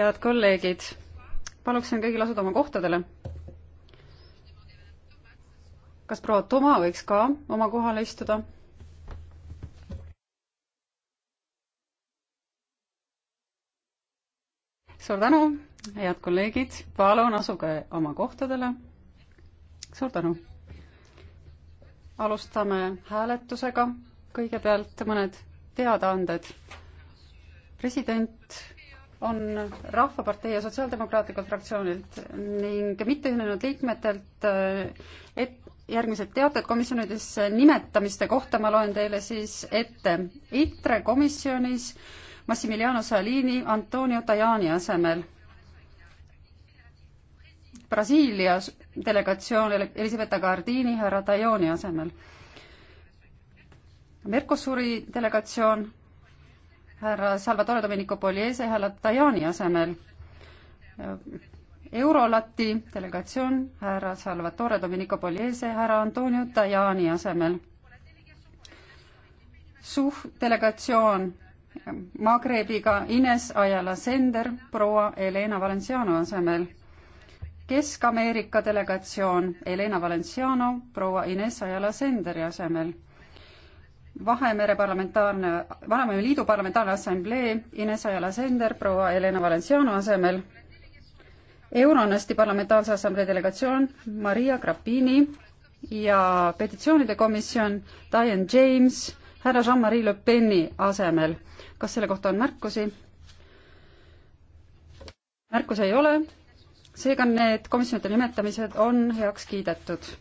head kolleegid, paluksin kõigil asuda oma kohtadele. kas proua Toma võiks ka oma kohale istuda? suur tänu, head kolleegid, palun asuge oma kohtadele. suur tänu. alustame hääletusega, kõigepealt mõned teadaanded. president on Rahvapartei ja Sotsiaaldemokraatlikult fraktsioonilt ning mitteühinenud liikmetelt eh, et järgmised teated komisjonidesse nimetamiste kohta ma loen teile siis ette. ITRE komisjonis Massimiliano Salini Antonio Tajani asemel. Brasiilia delegatsioon Elisabetta Gardini härra Tajani asemel. Mercosuri delegatsioon härra Salvatore Domenico Poliese härra Tajani asemel. Eurolati delegatsioon härra Salvatore Domenico Poliese härra Antonio Tajani asemel. Suh delegatsioon Magrebiga Ines Ajala Sender proua Helena Valenciano asemel. Kesk-Ameerika delegatsioon Helena Valenciano proua Ines Ajala Senderi asemel Vahemere parlamentaarne, Vahemere Liidu Parlamentaarne Assamblee Ines Ajala-Sender proua Helena Valenciano asemel, Euronesti Parlamentaarse Assamblee delegatsioon Maria Grappini ja petitsioonide komisjon Diane James härra Jean-Marie Le Peni asemel. kas selle kohta on märkusi? märkusi ei ole, seega need komisjonide nimetamised on heaks kiidetud